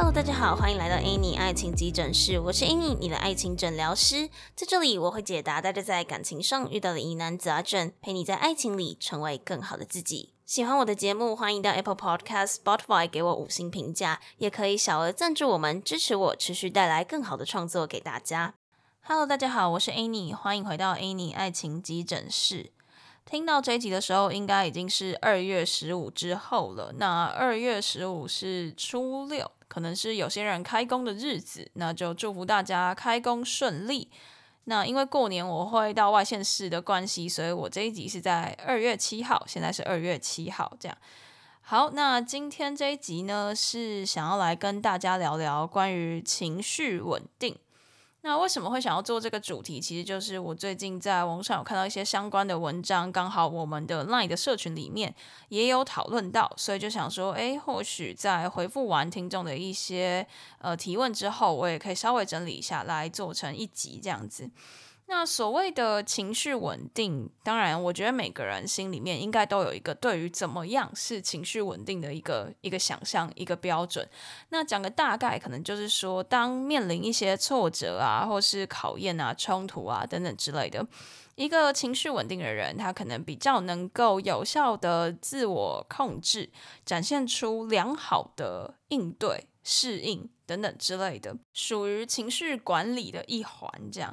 Hello，大家好，歡迎來到 Annie 愛情急診室，我是 Annie，你的愛情診療師。在這裡，我會解答大家在感情上遇到的疑難雜症，陪你在愛情裡成為更好的自己。喜歡我的節目，歡迎到 Apple Podcast、Spotify 給我五星評價，也可以小額贊助我們，支持我持續帶來更好的創作給大家。Hello，大家好，我是 Annie，歡迎回到 Annie 愛情急診室。聽到這一集的時候，應該已經是二月十五之後了。那二月十五是初六。可能是有些人開工的日子，那就祝福大家開工順利。那因為過年我會到外縣市的關係，所以我這一集是在二月七號，現在是二月七號這樣。好，那今天這一集呢，是想要來跟大家聊聊關於情緒穩定。那為什麼會想要做這個主題？其實就是我最近在網上有看到一些相關的文章，剛好我們的 LINE 的社群裡面也有討論到，所以就想說，哎、欸，或許在回復完聽眾的一些呃提問之後，我也可以稍微整理一下，來做成一集這樣子。那所謂的情緒穩定，當然，我覺得每個人心裡面應該都有一個對於怎麼樣是情緒穩定的一個一個想象一個標準。那講個大概，可能就是說，當面臨一些挫折啊，或是考驗啊、衝突啊等等之類的，一個情緒穩定的人，他可能比較能夠有效的自我控制，展現出良好的應對、適應等等之類的，屬於情緒管理的一環，這樣。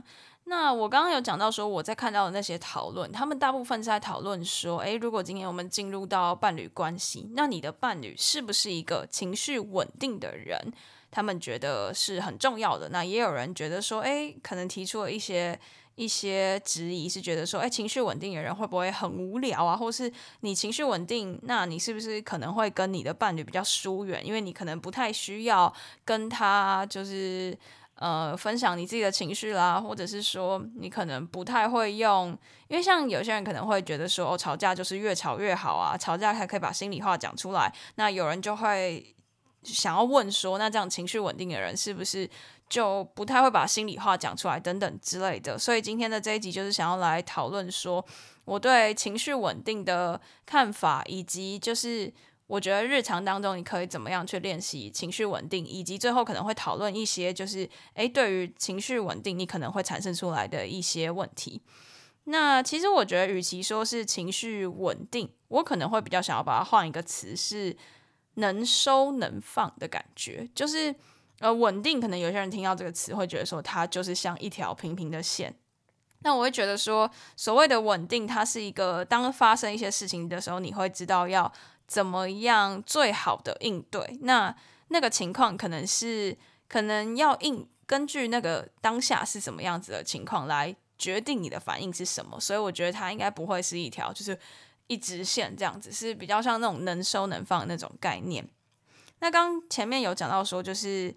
那我剛剛有講到說，我在看到的那些討論，他們大部分在討論說，誒，如果今天我們進入到伴侶關係，那你的伴侶是不是一個情緒穩定的人？他們覺得是很重要的。那也有人覺得說，誒，可能提出了一些一些質疑，是覺得說，誒，情緒穩定的人會不會很無聊啊？或是你情緒穩定，那你是不是可能會跟你的伴侶比較疏遠？因為你可能不太需要跟他就是。呃，分享你自己的情緒啦，或者是說你可能不太會用，因為像有些人可能會覺得說，哦，吵架就是越吵越好啊，吵架還可以把心裡話講出來。那有人就會想要問說，那這樣情緒穩定的人是不是就不太會把心裡話講出來等等之類的？所以今天的這一集就是想要來討論說我對情緒穩定的看法，以及就是。我覺得日常當中，你可以怎麼樣去練習情緒穩定，以及最後可能會討論一些就是，誒，對於情緒穩定，你可能會產生出來的一些問題。那其實我覺得，與其說是情緒穩定，我可能會比較想要把它換一個詞，是能收能放的感覺。就是，呃，穩定，可能有些人聽到這個詞會覺得說，它就是像一條平平的線。那我會覺得說，所謂的穩定，它是一個當發生一些事情的時候，你會知道要。怎麼樣最好的應對？那那個情況可能是可能要應根據那個當下是什麼樣子的情況來決定你的反應是什麼。所以我覺得它應該不會是一條就是一直線這樣子，是比較像那種能收能放的那種概念。那剛前面有講到說，就是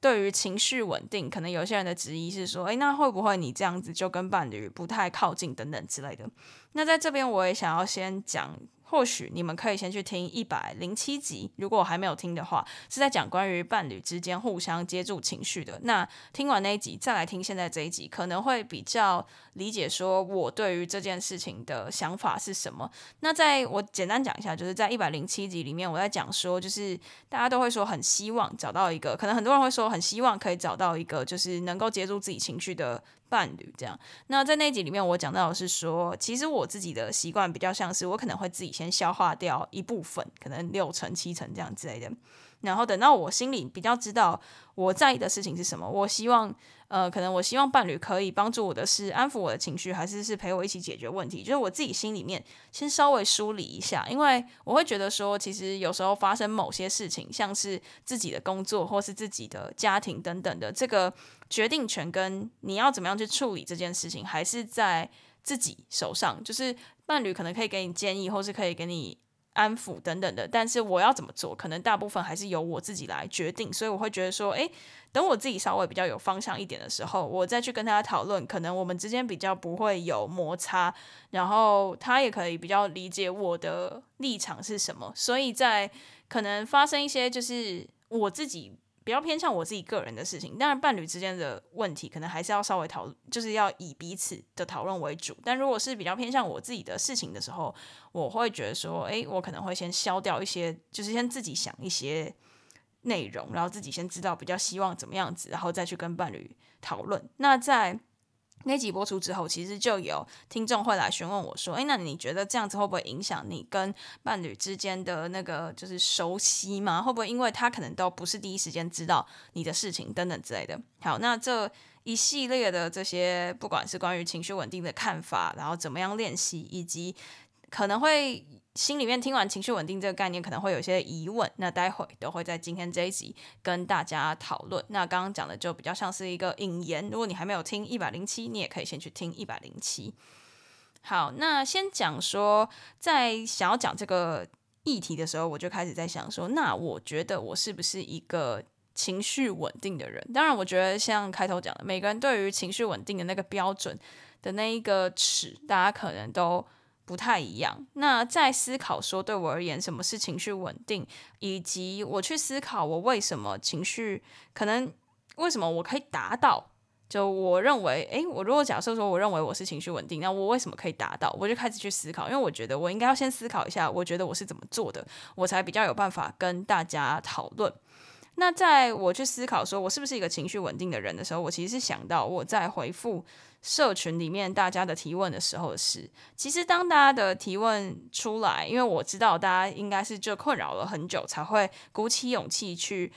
對於情緒穩定，可能有些人的質疑是說：“誒，那會不會你這樣子就跟伴侶不太靠近等等之類的？”那在這邊我也想要先講。或許你們可以先去聽一百零七集，如果我還沒有聽的話，是在講關於伴侶之間互相接住情緒的。那聽完那一集再來聽現在這一集，可能會比較理解說我對於這件事情的想法是什麼。那在我簡單講一下，就是在一百零七集裡面，我在講說，就是大家都會說很希望找到一個，可能很多人會說很希望可以找到一個，就是能夠接住自己情緒的。伴侶這樣，那在那集裡面，我講到的是說，其實我自己的習慣比較像是，我可能會自己先消化掉一部分，可能六成七成這樣之類的，然後等到我心裡比較知道我在意的事情是什麼，我希望。呃，可能我希望伴侶可以幫助我的是安撫我的情緒，還是是陪我一起解決問題？就是我自己心裡面先稍微梳理一下，因為我會覺得說，其實有時候發生某些事情，像是自己的工作或是自己的家庭等等的，這個決定權跟你要怎麼樣去處理這件事情，還是在自己手上。就是伴侶可能可以給你建議，或是可以給你。安撫等等的，但是我要怎麼做，可能大部分還是由我自己來決定，所以我會覺得說，誒，等我自己稍微比較有方向一點的時候，我再去跟他討論，可能我們之間比較不會有摩擦，然後他也可以比較理解我的立場是什麼，所以在可能發生一些就是我自己。比較偏向我自己個人的事情，當然伴侶之間的問題可能還是要稍微討論，就是要以彼此的討論為主。但如果是比較偏向我自己的事情的時候，我會覺得說，哎、欸，我可能會先消掉一些，就是先自己想一些內容，然後自己先知道比較希望怎麼樣子，然後再去跟伴侶討論。那在那集播出之後，其實就有聽眾會來詢問我說：“誒，那你覺得這樣子會不會影響你跟伴侶之間的那個就是熟悉嗎？會不會因為他可能都不是第一時間知道你的事情等等之類的？”好，那這一系列的這些，不管是關於情緒穩定的看法，然後怎麼樣練習，以及可能會。心裡面聽完“情緒穩定”這個概念，可能會有些疑問。那待會都會在今天這一集跟大家討論。那剛剛講的就比較像是一個引言。如果你還沒有聽一百零七，你也可以先去聽一百零七。好，那先講說，在想要講這個議題的時候，我就開始在想說，那我覺得我是不是一個情緒穩定的人？當然，我覺得像開頭講的，每個人對於情緒穩定的那個標準的那一個尺，大家可能都。不太一樣。那在思考說，對我而言，什麼是情緒穩定，以及我去思考我為什麼情緒可能為什麼我可以達到？就我認為，哎、欸，我如果假設說，我認為我是情緒穩定，那我為什麼可以達到？我就開始去思考，因為我覺得我應該要先思考一下，我覺得我是怎麼做的，我才比較有辦法跟大家討論。那在我去思考說我是不是一個情緒穩定的人的時候，我其實是想到我在回復社群裡面大家的提問的時候是，其實當大家的提問出來，因為我知道大家應該是就困擾了很久才會鼓起勇氣去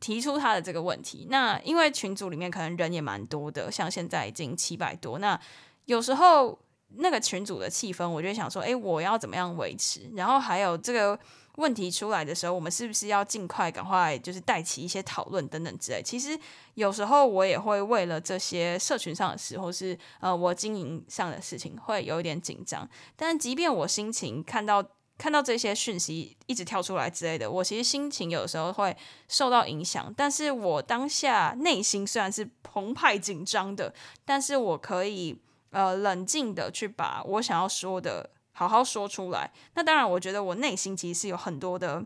提出他的這個問題。那因為群組裡面可能人也蠻多的，像現在已經七百多，那有時候那個群組的氣氛，我就想說，誒，我要怎麼樣維持？然後還有這個。問題出來的時候，我們是不是要盡快、趕快，就是帶起一些討論等等之類？其實有時候我也會為了這些社群上的事，或是呃我經營上的事情，會有一點緊張。但即便我心情看到看到這些訊息一直跳出來之類的，我其實心情有時候會受到影響。但是我當下內心雖然是澎湃緊張的，但是我可以呃冷靜的去把我想要說的。好好說出來。那當然，我覺得我內心其實是有很多的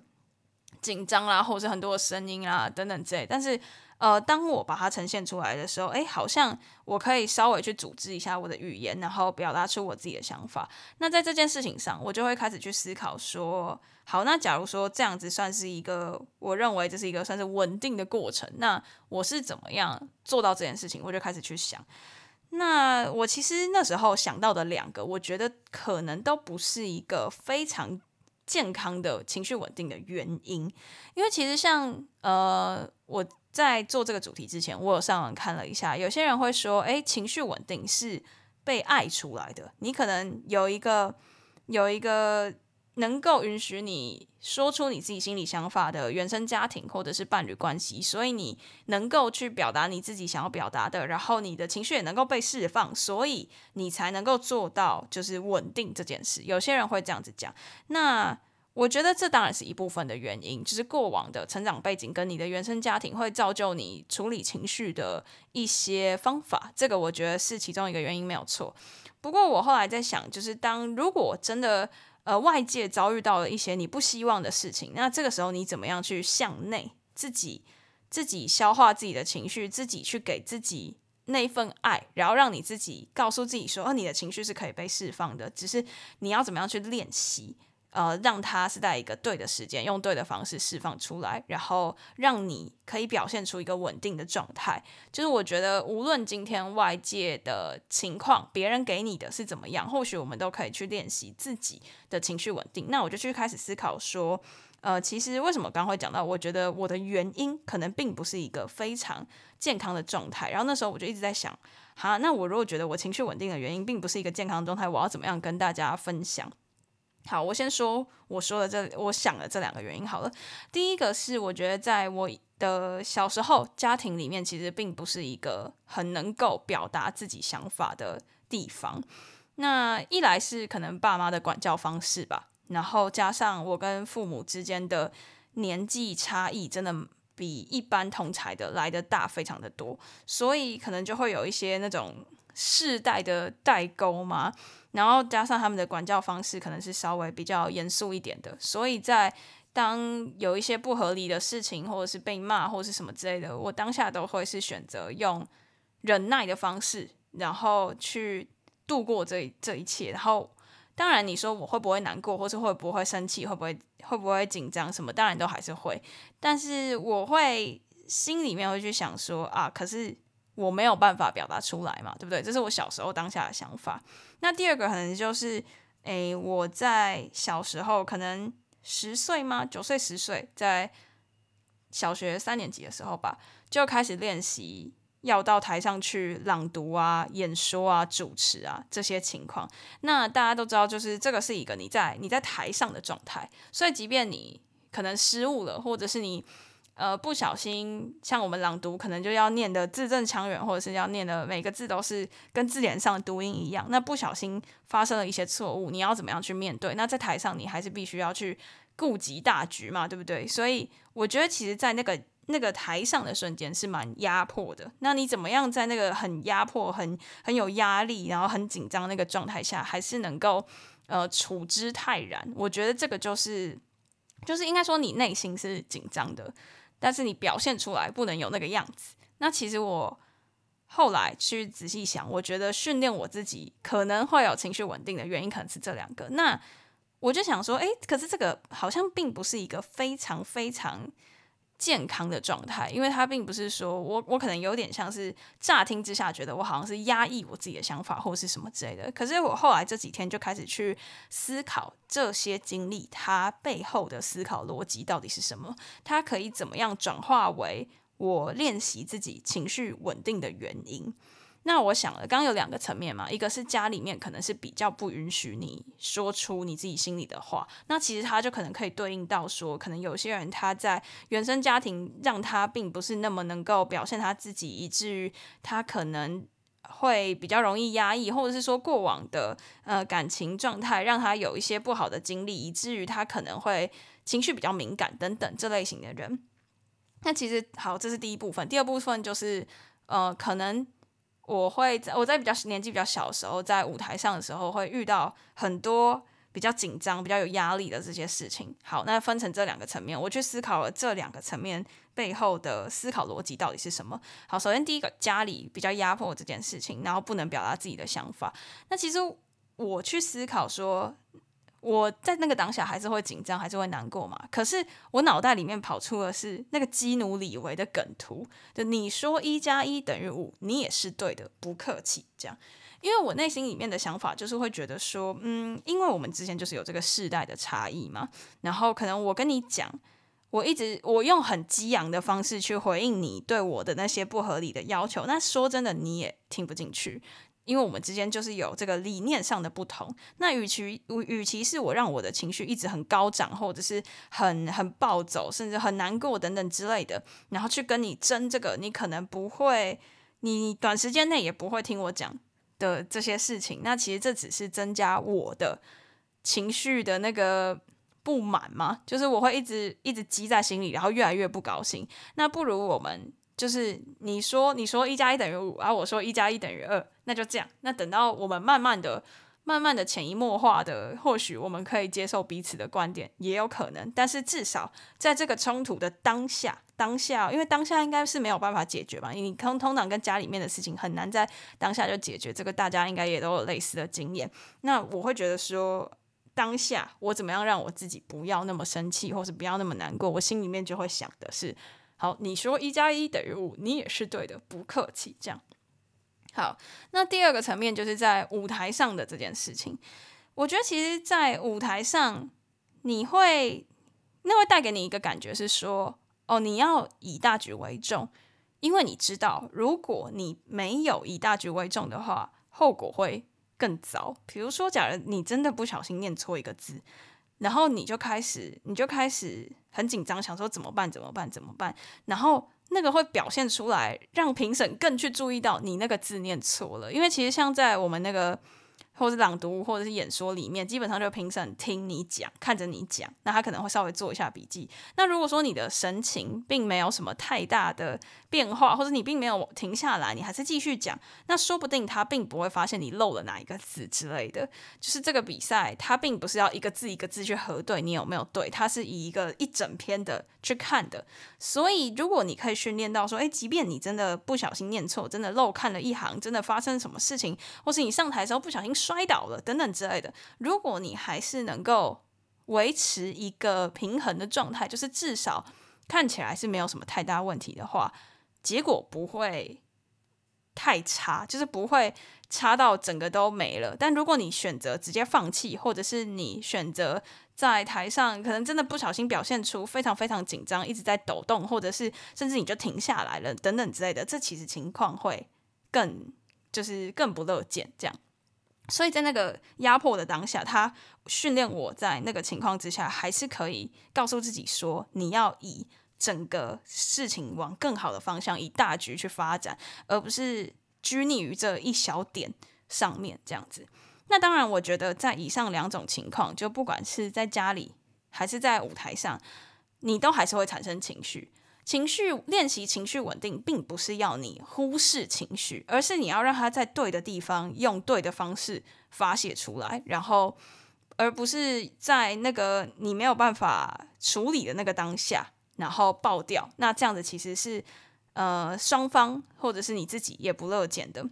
緊張啦，或者是很多的聲音啊等等之類。但是，呃，當我把它呈現出來的時候，誒，好像我可以稍微去組織一下我的語言，然後表達出我自己的想法。那在這件事情上，我就會開始去思考說，好，那假如說這樣子算是一個，我認為這是一個算是穩定的過程。那我是怎麼樣做到這件事情？我就開始去想。那我其實那時候想到的兩個，我覺得可能都不是一個非常健康的情緒穩定的原因，因為其實像呃，我在做這個主題之前，我有上網看了一下，有些人會說，誒，情緒穩定是被愛出來的，你可能有一個有一個。能夠允許你說出你自己心裡想法的原生家庭或者是伴侶關係，所以你能夠去表達你自己想要表達的，然後你的情緒也能夠被釋放，所以你才能夠做到就是穩定這件事。有些人會這樣子講，那我覺得這當然是一部分的原因，就是過往的成長背景跟你的原生家庭會造就你處理情緒的一些方法，這個我覺得是其中一個原因，沒有錯。不過我後來在想，就是當如果真的。呃，外界遭遇到了一些你不希望的事情，那這個時候你怎麼樣去向內自己，自己消化自己的情緒，自己去給自己那份愛，然後讓你自己告訴自己說，哦，你的情緒是可以被釋放的，只是你要怎麼樣去練習。呃，讓他是在一個對的時間，用對的方式釋放出來，然後讓你可以表現出一個穩定的狀態。就是我覺得，無論今天外界的情況，別人給你的是怎麼樣，或許我們都可以去練習自己的情緒穩定。那我就去開始思考說，呃，其實為什麼剛會講到，我覺得我的原因可能並不是一個非常健康的狀態。然後那時候我就一直在想，好，那我如果覺得我情緒穩定的原因並不是一個健康狀態，我要怎麼樣跟大家分享？好，我先說我說的這，我想了這兩個原因好了。第一個是我覺得在我的小時候家庭裡面，其實並不是一個很能夠表達自己想法的地方。那一來是可能爸媽的管教方式吧，然後加上我跟父母之間的年紀差異，真的比一般同儕的來得大非常的多，所以可能就會有一些那種世代的代溝嘛。然後加上他們的管教方式可能是稍微比較嚴肅一點的，所以在當有一些不合理的事情，或者是被罵，或者是什麼之類的，我當下都會是選擇用忍耐的方式，然後去度過這這一切。然後當然你說我會不會難過，或是會不會生氣，會不會會不會緊張什麼，當然都還是會。但是我會心裡面會去想說啊，可是。我沒有辦法表達出來嘛，對不對？這是我小時候當下的想法。那第二個可能就是，誒，我在小時候可能十歲嗎？九歲、十歲，在小學三年級的時候吧，就開始練習要到台上去朗讀啊、演說啊、主持啊這些情況。那大家都知道，就是這個是一個你在你在台上的狀態，所以即便你可能失誤了，或者是你。呃，不小心像我們朗讀，可能就要念的字正腔圓，或者是要念的每個字都是跟字典上的讀音一樣。那不小心發生了一些錯誤，你要怎麼樣去面對？那在台上，你還是必須要去顧及大局嘛，對不對？所以我覺得，其實，在那個那個台上的瞬間是蠻壓迫的。那你怎麼樣在那個很壓迫、很很有壓力，然後很緊張那個狀態下，還是能夠呃處之泰然？我覺得這個就是就是應該說，你內心是緊張的。但是你表現出來不能有那個樣子。那其實我後來去仔細想，我覺得訓練我自己可能會有情緒穩定的原因，可能是這兩個。那我就想說，哎、欸，可是這個好像並不是一個非常非常。健康的狀態，因為他並不是說我，我可能有點像是乍聽之下覺得我好像是壓抑我自己的想法或是什麼之類的。可是我後來這幾天就開始去思考這些經歷，它背後的思考邏輯到底是什麼，它可以怎麼樣轉化為我練習自己情緒穩定的原因。那我想了，剛剛有兩個層面嘛，一個是家裡面可能是比較不允許你說出你自己心裡的話，那其實他就可能可以對應到說，可能有些人他在原生家庭讓他並不是那麼能夠表現他自己，以至於他可能會比較容易壓抑，或者是說過往的呃感情狀態讓他有一些不好的經歷，以至於他可能會情緒比較敏感等等這類型的人。那其實好，這是第一部分，第二部分就是呃可能。我會在我在比較年紀比較小的時候，在舞台上的時候，會遇到很多比較緊張、比較有壓力的這些事情。好，那分成這兩個層面，我去思考了這兩個層面背後的思考邏輯到底是什麼。好，首先第一個家裡比較壓迫這件事情，然後不能表達自己的想法。那其實我去思考說，我在那個當下還是會緊張，還是會難過嘛。可是我腦袋裡面跑出的是那個基努李維的梗圖，就你說一加一等於五，你也是對的，不客氣。這樣，因為我內心裡面的想法就是會覺得說，嗯，因為我們之前就是有這個世代的差異嘛，然後可能我跟你講，我一直我用很激昂的方式去回應你對我的那些不合理的要求，那說真的你也聽不進去。因為我們之間就是有這個理念上的不同，那與其與，與其是我讓我的情緒一直很高漲，或者是很很暴走，甚至很難過等等之類的，然後去跟你爭這個，你可能不會，你短時間內也不會聽我講的這些事情。那其實這只是增加我的情緒的那個不滿嗎？就是我會一直一直積在心裡，然後越來越不高興。那不如我們就是你說你說一加一等於五，啊，我說一加一等於二。那就這樣。那等到我們慢慢的、慢慢的潛移默化的，或許我們可以接受彼此的觀點，也有可能。但是至少在這個衝突的當下，當下，因為當下應該是沒有辦法解決吧？你通通常跟家裡面的事情很難在當下就解決，這個大家應該也都有類似的經驗。那我會覺得說，當下我怎麼樣讓我自己不要那麼生氣，或是不要那麼難過？我心裡面就會想的是：好，你說一加一等於五，你也是對的，不客氣。這樣。好，那第二個層面就是在舞台上的這件事情。我覺得，其實，在舞台上，你會那會帶給你一個感覺是說，哦，你要以大局為重，因為你知道，如果你沒有以大局為重的話，後果會更糟。比如說，假如你真的不小心念錯一個字，然後你就開始，你就開始很緊張，想說怎麼辦？怎麼辦？怎麼辦？然後。那個會表現出來，讓評審更去注意到你那個字念錯了，因為其實像在我們那個。或者朗讀，或者是演說，裡面基本上就評審聽你講，看着你講，那他可能會稍微做一下筆記。那如果說你的神情並沒有什麼太大的變化，或者你並沒有停下來，你還是繼續講，那說不定他並不會發現你漏了哪一個字之類的。就是這個比賽，它並不是要一個字一個字去核對你有沒有對，它是以一個一整篇的去看的。所以，如果你可以訓練到說，哎、欸，即便你真的不小心念錯，真的漏看了一行，真的發生什麼事情，或是你上台的時候不小心說。摔倒了等等之類的，如果你還是能夠維持一個平衡的狀態，就是至少看起來是沒有什麼太大問題的話，結果不會太差，就是不會差到整個都沒了。但如果你選擇直接放棄，或者是你選擇在台上可能真的不小心表現出非常非常緊張，一直在抖動，或者是甚至你就停下來了等等之類的，這其實情況會更，就是更不樂見這樣。所以在那個壓迫的當下，他訓練我在那個情況之下，還是可以告訴自己說：你要以整個事情往更好的方向，以大局去發展，而不是拘泥於這一小點上面這樣子。那當然，我覺得在以上兩種情況，就不管是在家裡還是在舞台上，你都還是會產生情緒。情緒練習情緒穩定，並不是要你忽視情緒，而是你要讓他在對的地方，用對的方式發洩出來，然後，而不是在那個你沒有辦法處理的那個當下，然後爆掉。那這樣子其實是呃雙方或者是你自己也不樂見的。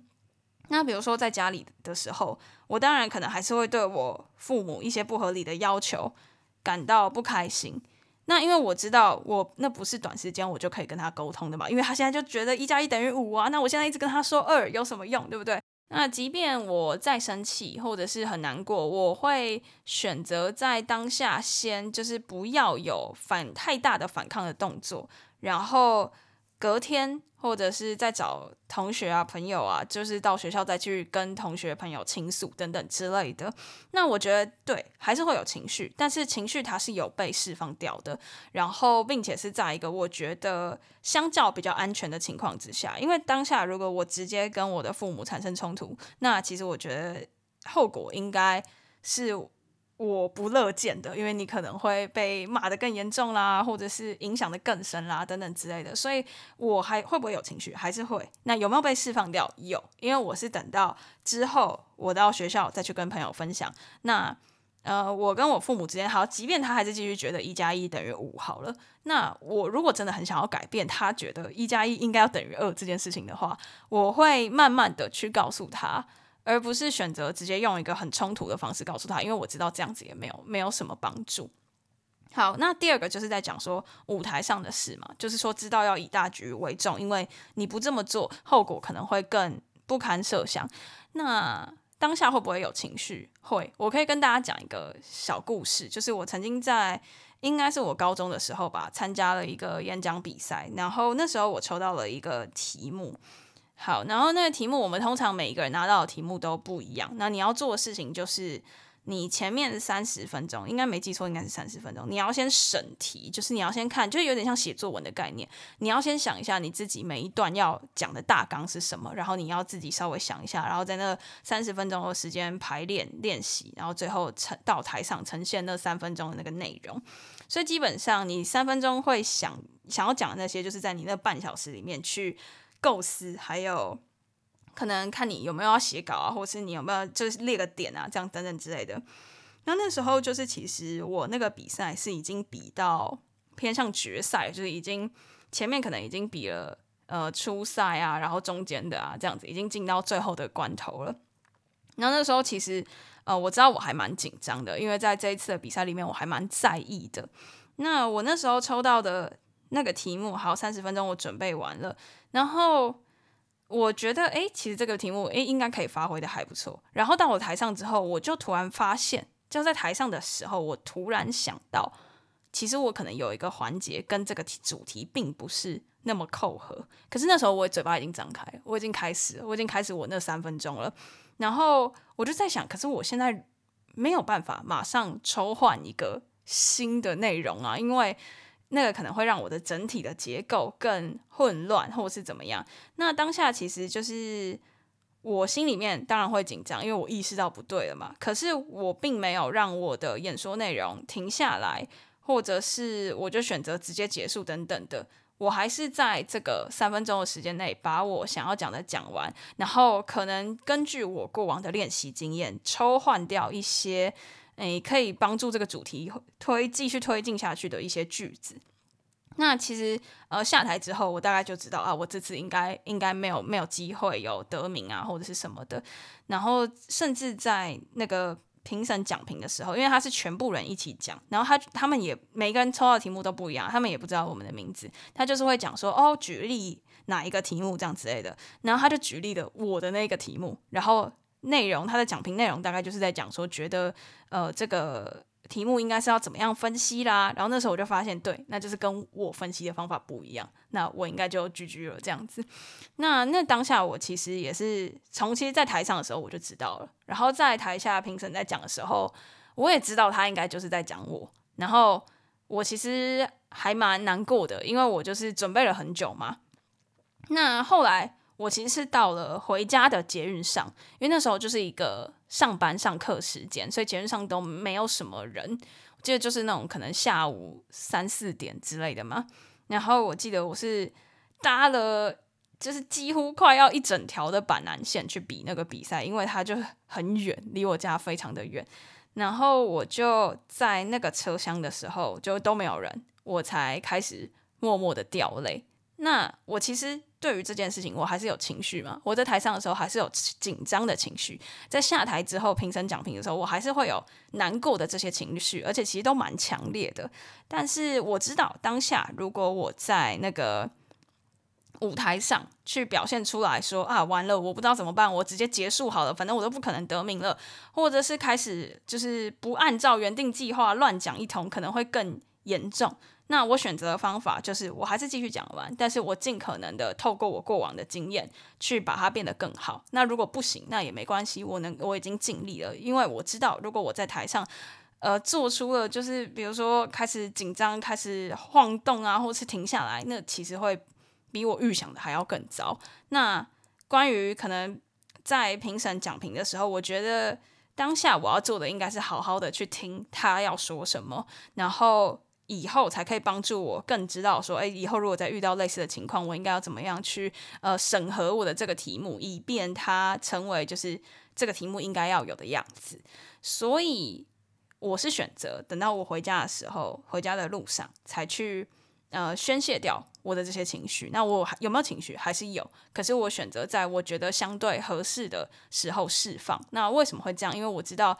那比如說在家裡的時候，我當然可能還是會對我父母一些不合理的要求感到不開心。那因為我知道我，我那不是短時間我就可以跟他溝通的嘛，因為他現在就覺得一加一等於五啊，那我現在一直跟他說二有什麼用，對不對？那即便我再生氣或者是很難過，我會選擇在當下先就是不要有反太大的反抗的動作，然後。隔天，或者是在找同學啊、朋友啊，就是到學校再去跟同學、朋友傾訴等等之類的。那我覺得對，還是會有情緒，但是情緒它是有被釋放掉的。然後，並且是在一個我覺得相較比較安全的情況之下，因為當下如果我直接跟我的父母產生衝突，那其實我覺得後果應該是。我不樂見的，因為你可能會被罵得更嚴重啦，或者是影響得更深啦，等等之類的。所以，我還會不會有情緒？還是會？那有沒有被釋放掉？有，因為我是等到之後，我到學校再去跟朋友分享。那呃，我跟我父母之間，好，即便他還是繼續覺得一加一等於五好了。那我如果真的很想要改變，他覺得一加一應該要等於二這件事情的話，我會慢慢的去告訴他。而不是選擇直接用一個很衝突的方式告訴他，因為我知道這樣子也沒有沒有什麼幫助。好，那第二個就是在講說舞台上的事嘛，就是說知道要以大局為重，因為你不這麼做，後果可能會更不堪設想。那當下會不會有情緒？會。我可以跟大家講一個小故事，就是我曾經在應該是我高中的時候吧，參加了一個演講比賽，然後那時候我抽到了一個題目。好，然後那個題目，我們通常每一個人拿到的題目都不一樣。那你要做的事情就是，你前面三十分鐘，應該沒記錯，應該是三十分鐘，你要先審題，就是你要先看，就有點像寫作文的概念，你要先想一下你自己每一段要講的大綱是什麼，然後你要自己稍微想一下，然後在那三十分鐘的時間排練練習，然後最後呈到台上呈現那三分鐘的那個內容。所以基本上，你三分鐘會想想要講的那些，就是在你那半小時裡面去。構思，還有可能看你有沒有要寫稿啊，或是你有沒有就是列個點啊，這樣等等之類的。那那時候就是，其實我那個比賽是已經比到偏向決賽，就是已經前面可能已經比了呃初賽啊，然後中間的啊這樣子，已經進到最後的關頭了。那那時候其實呃，我知道我還蠻緊張的，因為在這一次的比賽裡面我還蠻在意的。那我那時候抽到的。那個題目還有三十分鐘，我準備完了。然後我覺得，哎，其實這個題目，誒，應該可以發揮得還不錯。然後到我台上之後，我就突然發現，就在台上的時候，我突然想到，其實我可能有一個環節跟這個題主題並不是那麼扣合。可是那時候我嘴巴已經張開了，我已經開始，我已經開始我那三分鐘了。然後我就在想，可是我現在沒有辦法馬上抽換一個新的內容啊，因為。那個可能會讓我的整體的結構更混亂，或是怎麼樣？那當下其實就是我心裡面當然會緊張，因為我意識到不對了嘛。可是我並沒有讓我的演說內容停下來，或者是我就選擇直接結束等等的。我還是在這個三分鐘的時間內把我想要講的講完，然後可能根據我過往的練習經驗抽換掉一些。誒、欸，可以幫助這個主題推繼續推進下去的一些句子。那其實，呃，下台之後，我大概就知道啊，我這次應該應該沒有沒有機會有得名啊，或者是什麼的。然後，甚至在那個評審講評的時候，因為他是全部人一起講，然後他他們也每個人抽到題目都不一樣，他們也不知道我們的名字，他就是會講說哦，舉例哪一個題目這樣之類的。然後他就舉例的我的那個題目，然後。內容，他的講評內容大概就是在講說，覺得呃這個題目應該是要怎麼樣分析啦。然後那時候我就發現，對，那就是跟我分析的方法不一樣，那我應該就 GG 了這樣子。那那當下我其實也是從其實在台上的時候我就知道了，然後在台下評審在講的時候，我也知道他應該就是在講我。然後我其實還蠻難過的，因為我就是準備了很久嘛。那後來。我其實是到了回家的捷運上，因為那時候就是一個上班上課時間，所以捷運上都沒有什麼人。我記得就是那種可能下午三四點之類的嘛。然後我記得我是搭了，就是幾乎快要一整條的板南線去比那個比賽，因為它就很遠，離我家非常的遠。然後我就在那個車廂的時候，就都沒有人，我才開始默默的掉淚。那我其實對於這件事情，我還是有情緒嘛。我在台上的時候還是有緊張的情緒，在下台之後評審講評的時候，我還是會有難過的這些情緒，而且其實都蠻強烈的。但是我知道當下，如果我在那個舞台上去表現出來說，啊，完了，我不知道怎麼辦，我直接結束好了，反正我都不可能得名了，或者是開始就是不按照原定計劃亂講一通，可能會更嚴重。那我選擇的方法就是，我還是繼續講完，但是我盡可能的透過我過往的經驗去把它變得更好。那如果不行，那也沒關係，我能我已經盡力了，因為我知道，如果我在台上，呃，做出了就是比如說開始緊張、開始晃動啊，或是停下來，那其實會比我預想的還要更糟。那關於可能在評審講評的時候，我覺得當下我要做的應該是好好的去聽他要說什麼，然後。以後才可以幫助我更知道說，誒，以後如果再遇到類似的情況，我應該要怎麼樣去呃審核我的這個題目，以便它成為就是這個題目應該要有的樣子。所以我是選擇等到我回家的時候，回家的路上才去呃宣泄掉我的這些情緒。那我有沒有情緒？還是有，可是我選擇在我覺得相對合適的時候釋放。那為什麼會這樣？因為我知道。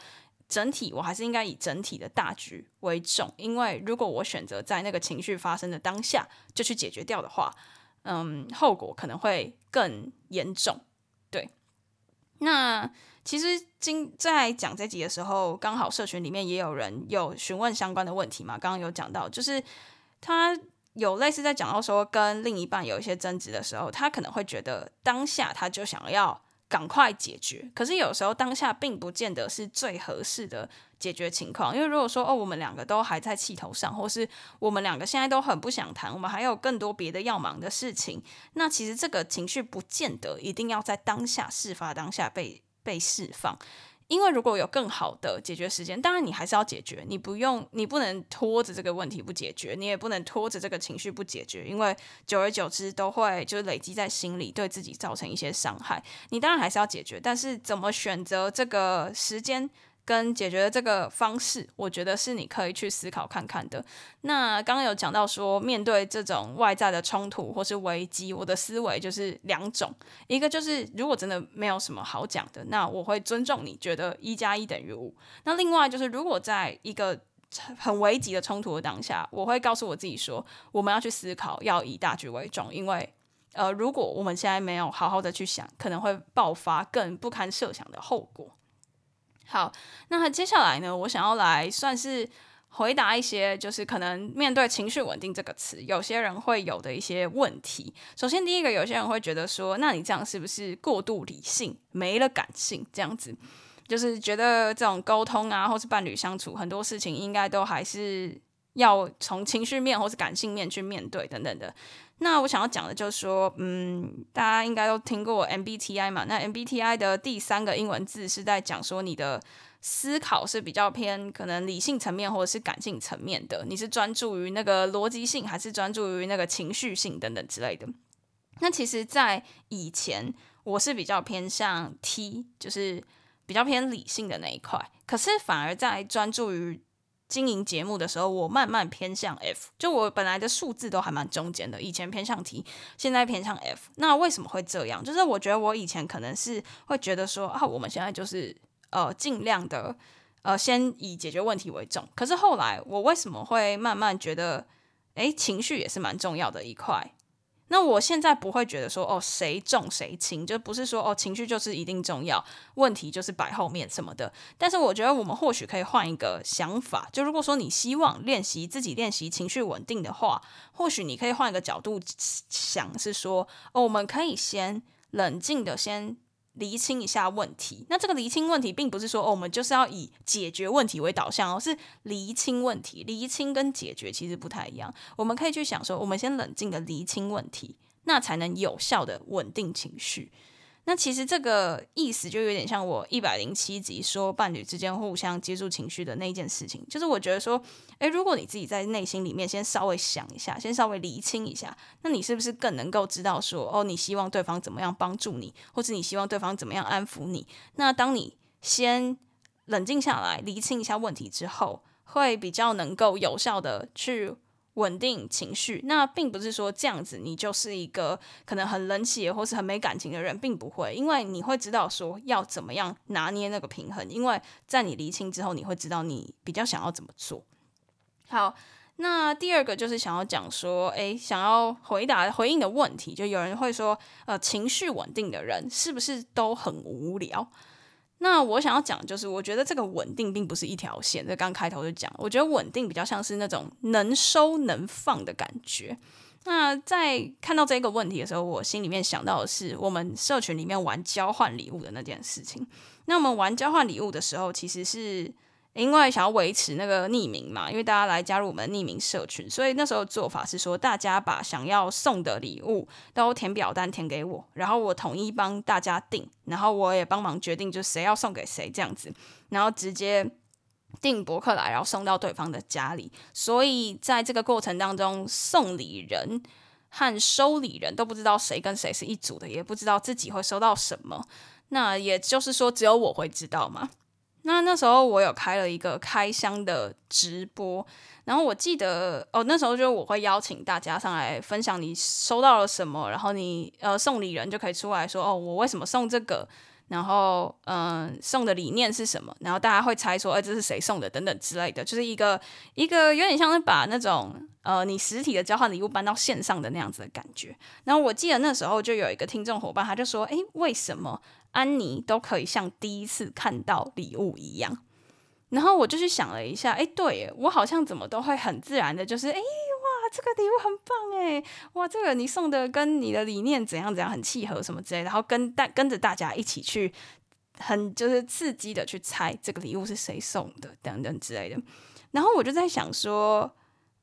整體我還是應該以整體的大局為重，因為如果我選擇在那個情緒發生的當下就去解決掉的話，嗯，後果可能會更嚴重。對，那其實今在講這集的時候，剛好社群裡面也有人有詢問相關的問題嘛，剛剛有講到，就是他有類似在講到說跟另一半有一些爭執的時候，他可能會覺得當下他就想要。趕快解決。可是有時候當下並不見得是最合適的解決情況，因為如果說哦，我們兩個都還在氣頭上，或是我們兩個現在都很不想談，我們還有更多別的要忙的事情，那其實這個情緒不見得一定要在當下事發，當下被被釋放。因為如果有更好的解決時間，當然你還是要解決。你不用，你不能拖着這個問題不解決，你也不能拖着這個情緒不解決，因為久而久之都會就是累積在心裡，對自己造成一些傷害。你當然還是要解決，但是怎麼選擇這個時間，跟解決的這個方式，我覺得是你可以去思考看看的。那剛剛有講到說，面對這種外在的衝突或是危機，我的思維就是兩種：一個就是如果真的沒有什麼好講的，那我會尊重你覺得一加一等於五；那另外就是如果在一個很危急的衝突的當下，我會告訴我自己說，我們要去思考，要以大局為重，因為呃，如果我們現在沒有好好的去想，可能會爆發更不堪設想的後果。好，那接下來呢，我想要來算是回答一些，就是可能面對“情緒穩定”這個詞，有些人會有的一些問題。首先，第一個，有些人會覺得說，那你這樣是不是過度理性，沒了感性，這樣子，就是覺得這種溝通啊，或是伴侶相處，很多事情應該都還是要從情緒面或是感性面去面對，等等的。那我想要講的就是說，嗯，大家應該都聽過我 MBTI 嘛？那 MBTI 的第三個英文字是在講說你的思考是比較偏可能理性層面或者是感性層面的，你是專注於那個邏輯性還是專注於那個情緒性等等之類的。那其實，在以前我是比較偏向 T，就是比較偏理性的那一塊，可是反而在專注於經營節目的時候，我慢慢偏向 F，就我本來的數字都還蠻中間的，以前偏向 T，現在偏向 F。那為什麼會這樣？就是我覺得我以前可能是會覺得說啊，我們現在就是呃盡量的呃先以解決問題為重。可是後來我為什麼會慢慢覺得，哎，情緒也是蠻重要的一塊。那我現在不會覺得說哦，誰重誰輕，就不是說哦，情緒就是一定重要，問題就是擺後面什麼的。但是我覺得我們或許可以換一個想法，就如果說你希望練習自己練習情緒穩定的話，或許你可以換一個角度想，是說哦，我們可以先冷靜的先。釐清一下問題，那這個釐清問題，並不是說，哦，我們就是要以解決問題為導向，哦，而是釐清問題。釐清跟解決其實不太一樣，我們可以去想說，我們先冷靜的釐清問題，那才能有效的穩定情緒。那其實這個意思就有點像我一百零七集說伴侶之間互相接觸情緒的那一件事情，就是我覺得說，欸，如果你自己在內心裡面先稍微想一下，先稍微理清一下，那你是不是更能夠知道說，哦，你希望對方怎麼樣幫助你，或者你希望對方怎麼樣安撫你？那當你先冷靜下來，理清一下問題之後，會比較能夠有效的去。穩定情緒，那並不是說這樣子你就是一個可能很冷血或是很沒感情的人，並不會，因為你會知道說要怎麼樣拿捏那個平衡，因為在你釐清之後，你會知道你比較想要怎麼做。好，那第二個就是想要講說，誒，想要回答回應的問題，就有人會說，呃，情緒穩定的人是不是都很無聊？那我想要講，就是我覺得這個穩定並不是一條線。在剛開頭就講，我覺得穩定比較像是那種能收能放的感覺。那在看到這個問題的時候，我心裡面想到的是我們社群裡面玩交換禮物的那件事情。那我們玩交換禮物的時候，其實是。因為想要維持那個匿名嘛，因為大家來加入我們匿名社群，所以那時候做法是說，大家把想要送的禮物都填表單填給我，然後我統一幫大家訂，然後我也幫忙決定，就誰要送給誰這樣子，然後直接訂博客來，然後送到對方的家裡。所以在這個過程當中，送禮人和收禮人都不知道誰跟誰是一組的，也不知道自己會收到什麼。那也就是說，只有我會知道嘛。那那時候我有開了一個開箱的直播，然後我記得哦，那時候就我會邀請大家上來分享你收到了什麼，然後你呃送禮人就可以出來說哦，我為什麼送這個。然後，嗯、呃，送的理念是什麼？然後大家會猜說，哎、呃，這是誰送的？等等之類的，就是一個一個有點像是把那種，呃，你實體的交換禮物搬到線上的那樣子的感覺。然後我記得那時候就有一個聽眾夥伴，他就說，哎，為什麼安妮都可以像第一次看到禮物一樣？然後我就去想了一下，哎，對耶，我好像怎麼都會很自然的，就是哎。誒啊、這個禮物很棒哎！哇，這個你送的跟你的理念怎樣怎樣很契合什麼之類的，然後跟大跟着大家一起去，很就是刺激的去猜這個禮物是誰送的等等之類的。然後我就在想說，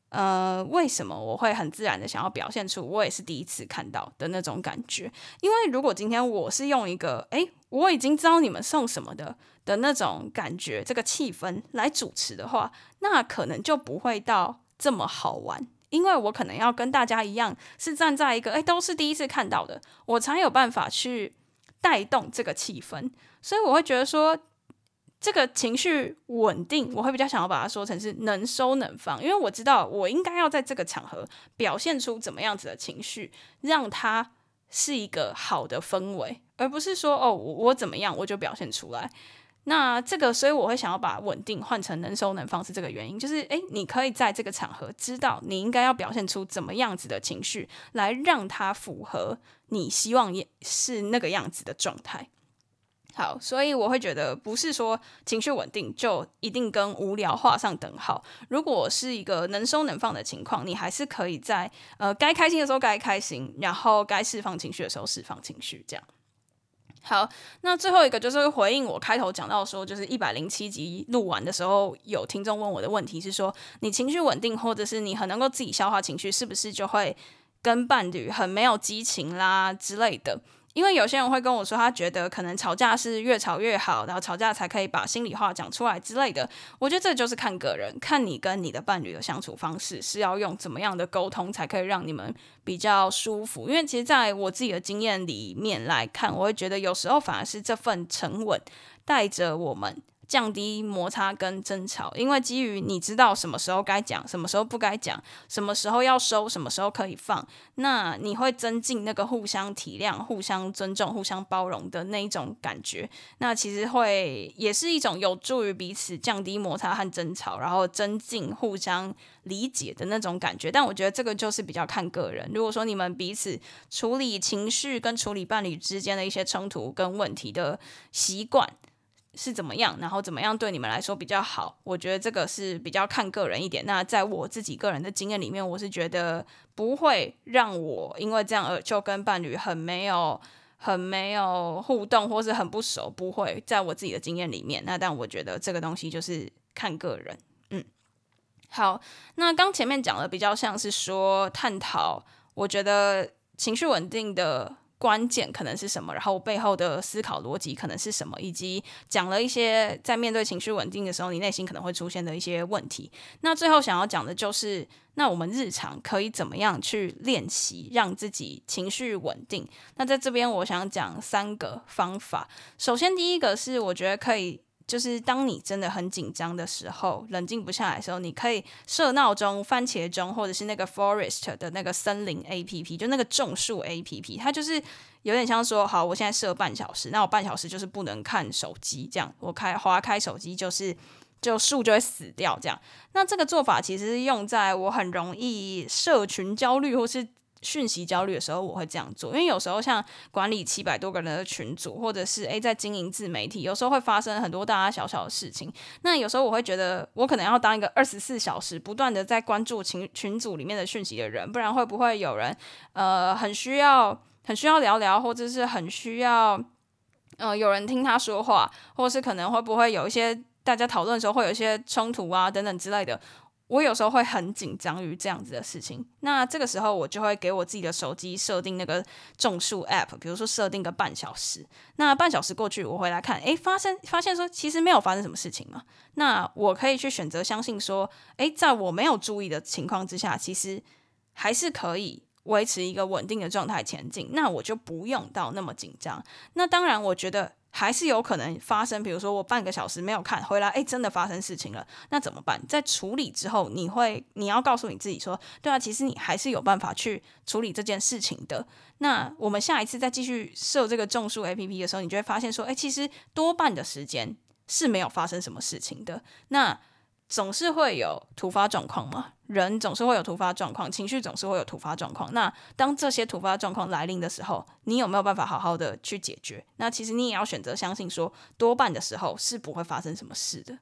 呃，為什麼我會很自然的想要表現出我也是第一次看到的那種感覺？因為如果今天我是用一個哎、欸、我已經知道你們送什麼的的那種感覺，這個氣氛來主持的話，那可能就不會到這麼好玩。因為我可能要跟大家一樣，是站在一個哎、欸，都是第一次看到的，我才有辦法去帶動這個氣氛，所以我會覺得說，這個情緒穩定，我會比較想要把它說成是能收能放，因為我知道我應該要在這個場合表現出怎麼樣子的情緒，讓它是一個好的氛圍，而不是說哦我，我怎麼樣我就表現出來。那這個，所以我會想要把穩定換成能收能放是這個原因，就是誒，你可以在這個場合知道你應該要表現出怎麼樣子的情緒，來讓它符合你希望是那個樣子的狀態。好，所以我會覺得不是說情緒穩定就一定跟無聊畫上等號。如果是一個能收能放的情況，你還是可以在呃該開心的時候該開心，然後該釋放情緒的時候釋放情緒，這樣。好，那最後一個就是回應我開頭講到說，就是一百零七集錄完的時候，有聽眾問我的問題是說，你情緒穩定或者是你很能夠自己消化情緒，是不是就會跟伴侶很沒有激情啦之類的？因為有些人會跟我說，他覺得可能吵架是越吵越好，然後吵架才可以把心裡話講出來之類的。我覺得這就是看個人，看你跟你的伴侶的相處方式，是要用怎麼樣的溝通才可以讓你們比較舒服。因為其實在我自己的經驗裡面來看，我會覺得有時候反而是這份沉穩帶着我們，降低摩擦跟爭吵，因為基於你知道什麼時候該講，什麼時候不該講，什麼時候要收，什麼時候可以放，那你會增進那個互相體諒、互相尊重、互相包容的那一種感覺。那其實會也是一種有助於彼此降低摩擦和爭吵，然後增進互相理解的那種感覺。但我覺得這個就是比較看個人。如果說你們彼此處理情緒跟處理伴侶之間的一些衝突跟問題的習慣。是怎麼樣，然後怎麼樣對你們來說比較好？我覺得這個是比較看個人一點。那在我自己個人的經驗裡面，我是覺得不會讓我因為這樣而就跟伴侶很沒有、很沒有互動，或是很不熟。不會在我自己的經驗裡面。那但我覺得這個東西就是看個人。嗯，好。那剛前面講的比較像是說探討，我覺得情緒穩定的。關鍵可能是什麼，然後背後的思考邏輯可能是什麼，以及講了一些在面對情緒穩定的時候，你內心可能會出現的一些問題。那最後想要講的就是，那我們日常可以怎麼樣去練習讓自己情緒穩定？那在這邊我想講三個方法。首先，第一個是我覺得可以。就是當你真的很緊張的時候，冷靜不下來的時候，你可以設鬧鐘、番茄鐘，或者是那個 Forest 的那個森林 APP，就那個種樹 APP，它就是有點像說，好，我現在設半小時，那我半小時就是不能看手機，這樣我開划開手機就是就樹就會死掉，這樣。那這個做法其實用在我很容易社群焦慮或是。訊息焦慮的時候，我會這樣做，因為有時候像管理七百多個人的群組，或者是欸在經營自媒體，有時候會發生很多大大小小的事情。那有時候我會覺得，我可能要當一個二十四小時不斷的在關注群群組裡面的訊息的人，不然會不會有人呃很需要很需要聊聊，或者是很需要呃有人聽他說話，或是可能會不會有一些大家討論的時候會有一些衝突啊等等之類的。我有時候會很緊張於這樣子的事情，那這個時候我就會給我自己的手機設定那個種樹 app，比如說設定個半小時，那半小時過去我回來看，哎，發生發現說其實沒有發生什麼事情嘛，那我可以去選擇相信說，哎，在我沒有注意的情況之下，其實還是可以維持一個穩定的狀態前進，那我就不用到那麼緊張，那當然我覺得。還是有可能發生，比如說我半個小時沒有看回來，哎，真的發生事情了，那怎麼辦？在處理之後，你會你要告訴你自己說，對啊，其實你還是有辦法去處理這件事情的。那我們下一次再繼續設這個種樹 APP 的時候，你就會發現說，哎，其實多半的時間是沒有發生什麼事情的。那總是會有突發狀況嘛，人總是會有突發狀況，情緒總是會有突發狀況。那當這些突發狀況來臨的時候，你有沒有辦法好好的去解決？那其實你也要選擇相信說，說多半的時候是不會發生什麼事的。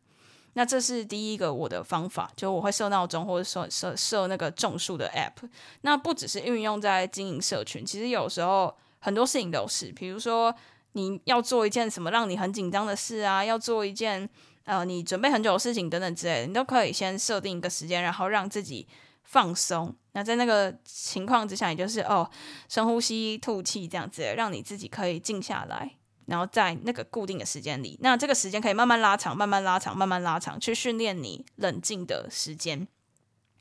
那這是第一個我的方法，就我會設鬧鐘，或者說設設那個種樹的 app。那不只是運用在經營社群，其實有時候很多事情都是，比如說你要做一件什麼讓你很緊張的事啊，要做一件。呃，你準備很久的事情等等之類的，你都可以先設定一個時間，然後讓自己放鬆。那在那個情況之下，也就是哦，深呼吸、吐氣這樣子，讓你自己可以靜下來。然後在那個固定的時間裡，那這個時間可以慢慢拉長，慢慢拉長，慢慢拉長，去訓練你冷靜的時間。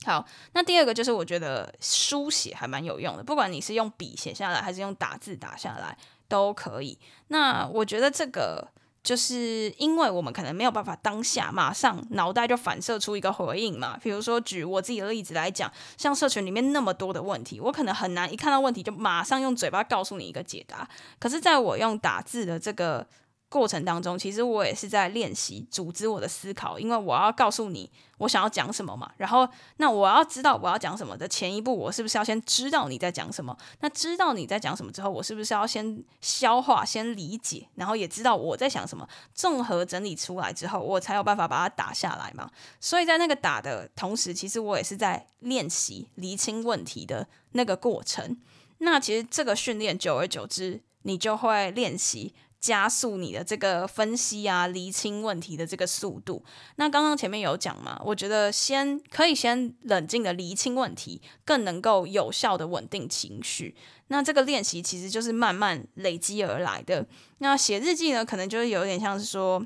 好，那第二個就是我覺得書寫還蠻有用的，不管你是用筆寫下來，還是用打字打下來都可以。那我覺得這個。就是因為我們可能沒有辦法當下馬上腦袋就反射出一個回應嘛。比如說，舉我自己的例子來講，像社群裡面那麼多的問題，我可能很難一看到問題就馬上用嘴巴告訴你一個解答。可是在我用打字的這個。過程當中，其實我也是在練習組織我的思考，因為我要告訴你我想要講什麼嘛。然後，那我要知道我要講什麼的前一步，我是不是要先知道你在講什麼？那知道你在講什麼之後，我是不是要先消化、先理解，然後也知道我在想什麼？綜合整理出來之後，我才有辦法把它打下來嘛。所以在那個打的同時，其實我也是在練習釐清問題的那個過程。那其實這個訓練，久而久之，你就會練習。加速你的這個分析啊，釐清問題的這個速度。那剛剛前面有講嘛，我覺得先可以先冷靜的釐清問題，更能夠有效的穩定情緒。那這個練習其實就是慢慢累積而來的。那寫日記呢，可能就是有點像是說，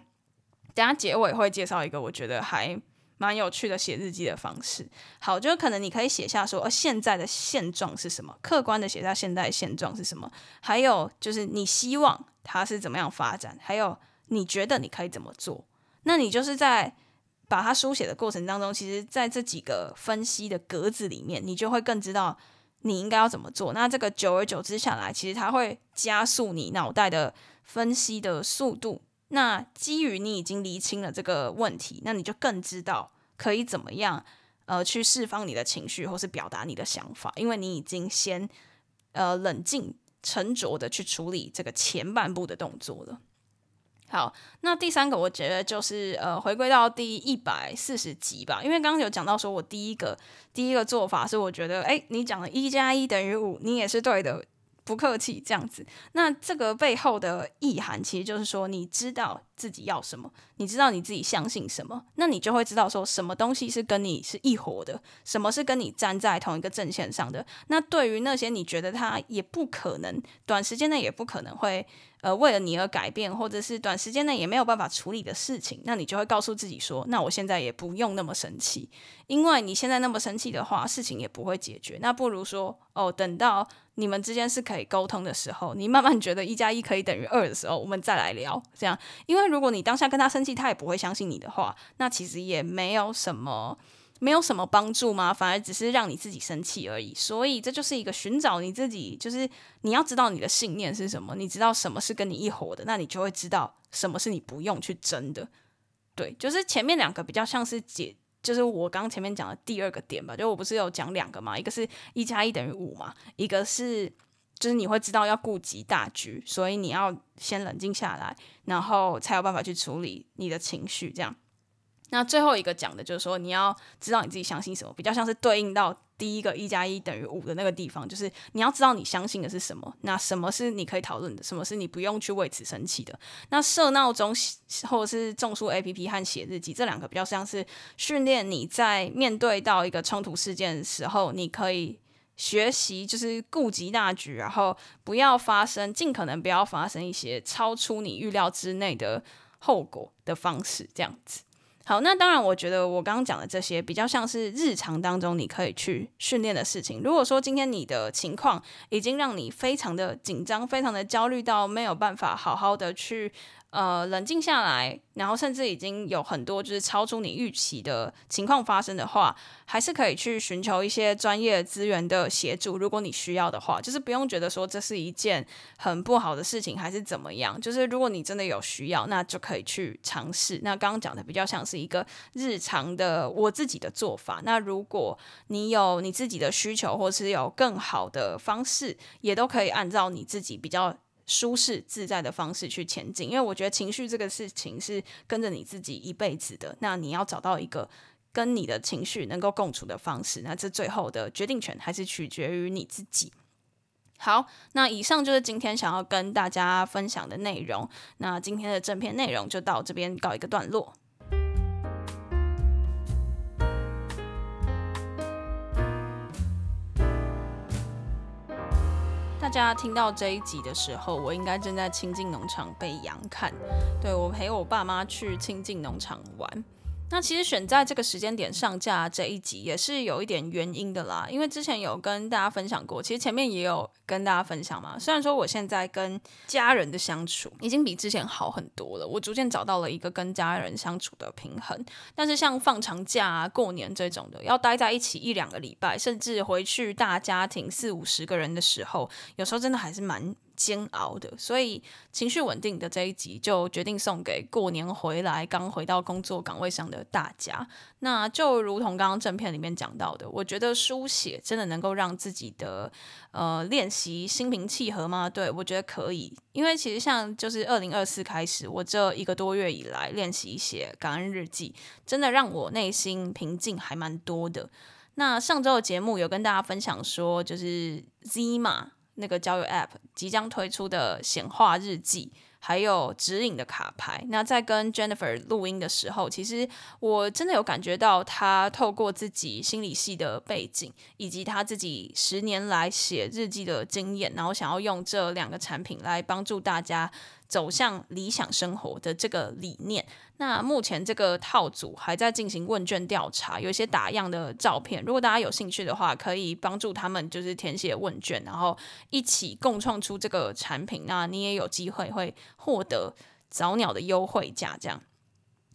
等下結尾會介紹一個，我覺得還蠻有趣的寫日記的方式。好，就可能你可以寫下說，呃，現在的現狀是什麼？客觀的寫下現在的現狀是什麼？還有就是你希望它是怎麼樣發展？還有你覺得你可以怎麼做？那你就是在把它書寫的過程當中，其實在這幾個分析的格子裡面，你就會更知道你應該要怎麼做。那這個久而久之下來，其實它會加速你腦袋的分析的速度。那基於你已經釐清了這個問題，那你就更知道可以怎麼樣，呃，去釋放你的情緒，或是表達你的想法，因為你已經先，呃，冷靜沉着的去處理這個前半部的動作了。好，那第三個我覺得就是，呃，回歸到第一百四十集吧，因為剛剛有講到說我第一個第一個做法是，我覺得，哎、欸，你講了一加一等於五，你也是對的。不客氣，這樣子。那這個背後的意涵，其實就是說，你知道自己要什麼。你知道你自己相信什麼，那你就會知道說什麼東西是跟你是一夥的，什麼是跟你站在同一個陣線上的。那對於那些你覺得他也不可能短時間內也不可能會呃為了你而改變，或者是短時間內也沒有辦法處理的事情，那你就會告訴自己說，那我現在也不用那麼生氣，因為你現在那麼生氣的話，事情也不會解決。那不如說哦，等到你們之間是可以溝通的時候，你慢慢覺得一加一可以等於二的時候，我們再來聊。這樣，因為如果你當下跟他生氣。他也不會相信你的話，那其實也沒有什麼，沒有什麼幫助嗎？反而只是讓你自己生氣而已。所以這就是一個尋找你自己，就是你要知道你的信念是什麼，你知道什麼是跟你一夥的，那你就會知道什麼是你不用去爭的。對，就是前面兩個比較像是解，就是我剛前面講的第二個點吧，就我不是有講兩個嘛，一個是一加一等於五嘛，一個是。就是你會知道要顧及大局，所以你要先冷靜下來，然後才有辦法去處理你的情緒。這樣，那最後一個講的就是說，你要知道你自己相信什麼，比較像是對應到第一個一加一等於五的那個地方，就是你要知道你相信的是什麼。那什麼是你可以討論的，什麼是你不用去為此生氣的。那設鬧鐘或者是種樹 APP 和寫日記這兩個比較像是訓練你在面對到一個衝突事件的時候，你可以。學習就是顧及大局，然後不要發生，儘可能不要發生一些超出你預料之內的後果的方式，這樣子。好，那當然，我覺得我剛剛講的這些比較像是日常當中你可以去訓練的事情。如果說今天你的情況已經讓你非常的緊張、非常的焦慮到沒有辦法好好的去。呃，冷靜下來，然後甚至已經有很多就是超出你預期的情況發生的話，還是可以去尋求一些專業資源的協助，如果你需要的話，就是不用覺得說這是一件很不好的事情還是怎麼樣。就是如果你真的有需要，那就可以去嘗試。那剛剛講的比較像是一個日常的我自己的做法。那如果你有你自己的需求，或是有更好的方式，也都可以按照你自己比較。舒適自在的方式去前進，因為我覺得情緒這個事情是跟着你自己一輩子的。那你要找到一個跟你的情緒能夠共處的方式，那這最後的決定權還是取決於你自己。好，那以上就是今天想要跟大家分享的內容。那今天的正片內容就到這邊告一個段落。大家聽到這一集的時候，我應該正在清境農場被羊看，對，我陪我爸媽去清境農場玩。那其實選在這個時間點上架這一集也是有一點原因的啦，因為之前有跟大家分享過，其實前面也有。跟大家分享嘛。雖然說我現在跟家人的相處已經比之前好很多了，我逐漸找到了一個跟家人相處的平衡。但是像放長假啊、過年這種的，要待在一起一兩個禮拜，甚至回去大家庭四五十個人的時候，有時候真的還是蠻煎熬的。所以情緒穩定的這一集，就決定送給過年回來、剛回到工作崗位上的大家。那就如同剛剛正片裡面講到的，我覺得書寫真的能夠讓自己的，呃，練習。及心平氣和嗎？對，我覺得可以，因為其實像就是二零二四開始，我這一個多月以來練習寫感恩日記，真的讓我內心平靜還蠻多的。那上周的節目有跟大家分享說，就是 ZIMA 那個交友 App 即將推出的顯化日記。還有指引的卡牌。那在跟 Jennifer 錄音的時候，其實我真的有感覺到，她透過自己心理系的背景，以及她自己十年來寫日記的經驗，然後想要用這兩個產品來幫助大家，走向理想生活的這個理念，那目前這個套組還在進行問卷調查，有一些打樣的照片。如果大家有興趣的話，可以幫助他們就是填寫問卷，然後一起共創出這個產品。那你也有機會會獲得早鳥的優惠價，這樣，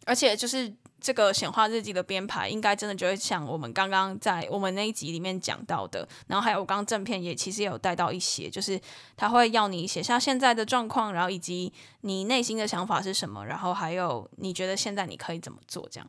而且就是。這個顯化日記的編排，應該真的就會像我們剛剛在我們那一集裡面講到的，然後還有我剛剛正片也其實也有帶到一些，就是他會要你寫下現在的狀況，然後以及你內心的想法是什麼，然後還有你覺得現在你可以怎麼做這樣。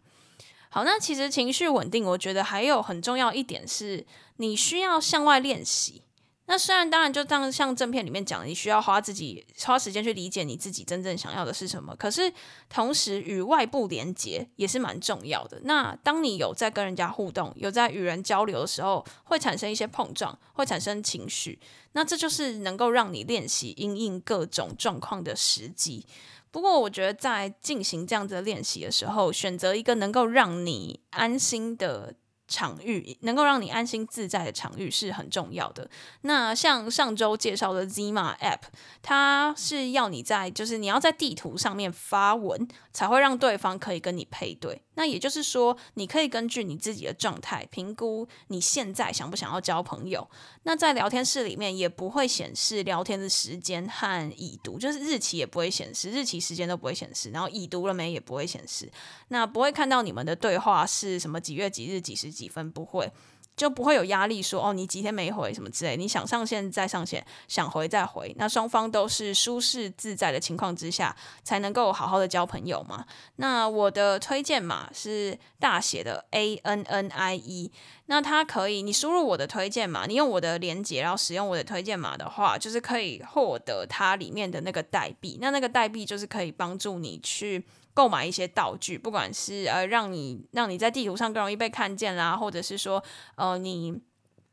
好，那其實情緒穩定，我覺得還有很重要一點是，你需要向外練習。那雖然當然就這樣，像正片裡面講的，你需要花自己花時間去理解你自己真正想要的是什麼。可是同時與外部連接也是蠻重要的。那當你有在跟人家互動，有在與人交流的時候，會產生一些碰撞，會產生情緒。那這就是能夠讓你練習因應各種狀況的時機。不過我覺得在進行這樣子練習的時候，選擇一個能夠讓你安心的。場域，能夠讓你安心自在的場域是很重要的。那像上周介紹的 ZIMA App，它是要你在就是你要在地圖上面發文，才會讓對方可以跟你配對。那也就是說，你可以根據你自己的狀態評估你現在想不想要交朋友。那在聊天室裡面也不會顯示聊天的時間和已讀，就是日期也不會顯示，日期時間都不會顯示，然後已讀了沒也不會顯示。那不會看到你們的對話是什麼幾月幾日、幾時幾分，不會。就不會有壓力說，說哦，你幾天沒回什麼之類，你想上線再上線，想回再回，那雙方都是舒適自在的情況之下，才能夠好好的交朋友嘛。那我的推薦碼是大寫的 A N N I E，那它可以，你輸入我的推薦碼，你用我的連接，然後使用我的推薦碼的話，就是可以獲得它裡面的那個代幣，那那個代幣就是可以幫助你去。購買一些道具，不管是呃讓你讓你在地圖上更容易被看見啦，或者是說呃你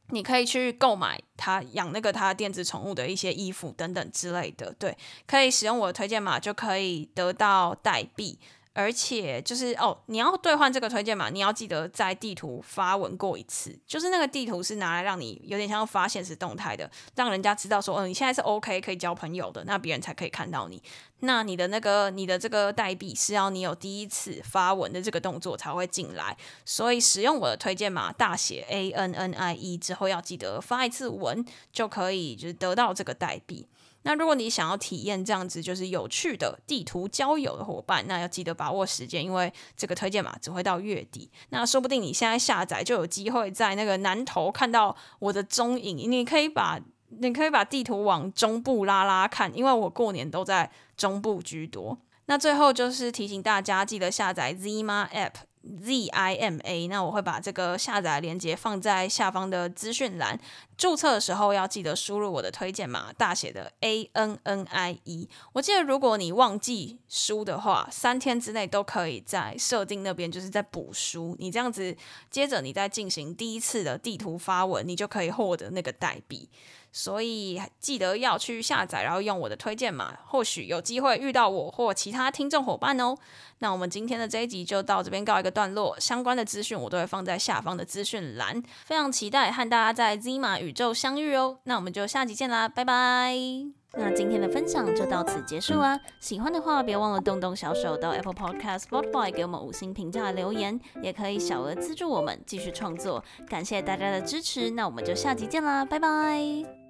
你可以去購買他養那個他電子寵物的一些衣服等等之類的，對，可以使用我的推薦碼就可以得到代幣。而且就是哦，你要兌換這個推薦碼，你要記得在地圖發文過一次，就是那個地圖是拿來讓你有點像是發限時動態的，讓人家知道說，哦，你現在是 OK 可以交朋友的，那別人才可以看到你。那你的那個你的這個代幣是要你有第一次發文的這個動作才會進來，所以使用我的推薦碼大寫 A N N I E 之後要記得發一次文就可以，就是得到這個代幣。那如果你想要體驗這樣子就是有趣的地圖交友的夥伴，那要記得把握時間，因為這個推薦碼只會到月底。那說不定你現在下載就有機會在那個南投看到我的蹤影。你可以把你可以把地圖往中部拉拉看，因為我過年都在中部居多。那最後就是提醒大家，記得下載 ZIMA App。Z I M A，那我會把這個下載鏈接放在下方的資訊欄。注冊的時候要記得輸入我的推薦碼，大寫的 A N N I E。我記得如果你忘記輸的話，三天之內都可以在設定那邊，就是在補輸。你這樣子，接着你再進行第一次的地圖發文，你就可以獲得那個代幣。所以記得要去下載，然後用我的推薦碼，或許有機會遇到我或其他聽眾夥伴哦。那我們今天的這一集就到這邊告一個段落，相關的資訊我都會放在下方的資訊欄。非常期待和大家在 ZIMA 宇宙相遇哦。那我們就下集見啦，拜拜。 那今天的分享就到此結束啦。喜歡的話，別忘了動動小手到 Apple Podcasts、Spotify 給我們五星評價留言，也可以小額資助我們繼續創作。感謝大家的支持，那我們就下集見啦，拜拜。